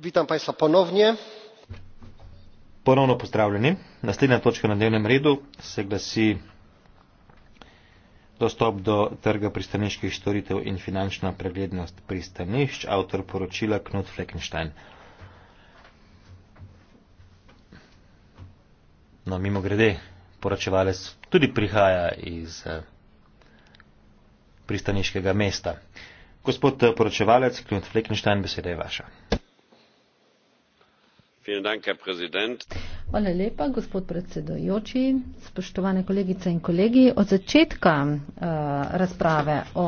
Witam państwa ponownie. Ponowno pozdrawiamy. Następna toczka na dziennym redu se glasi dostęp do targa przystanicznych storiteł i finansowa przegledność przystanicz. Autor poruczyła Knut Fleckenstein. No, mimo grede, poročevalec tudi prihaja iz eh, pristaniškega mesta. Gospod eh, poročevalec, Klint Fleckenstein, beseda je vaša. Hvala lepa, gospod predsedojoči, spoštovane kolegice in kolegi. Od začetka uh, razprave o.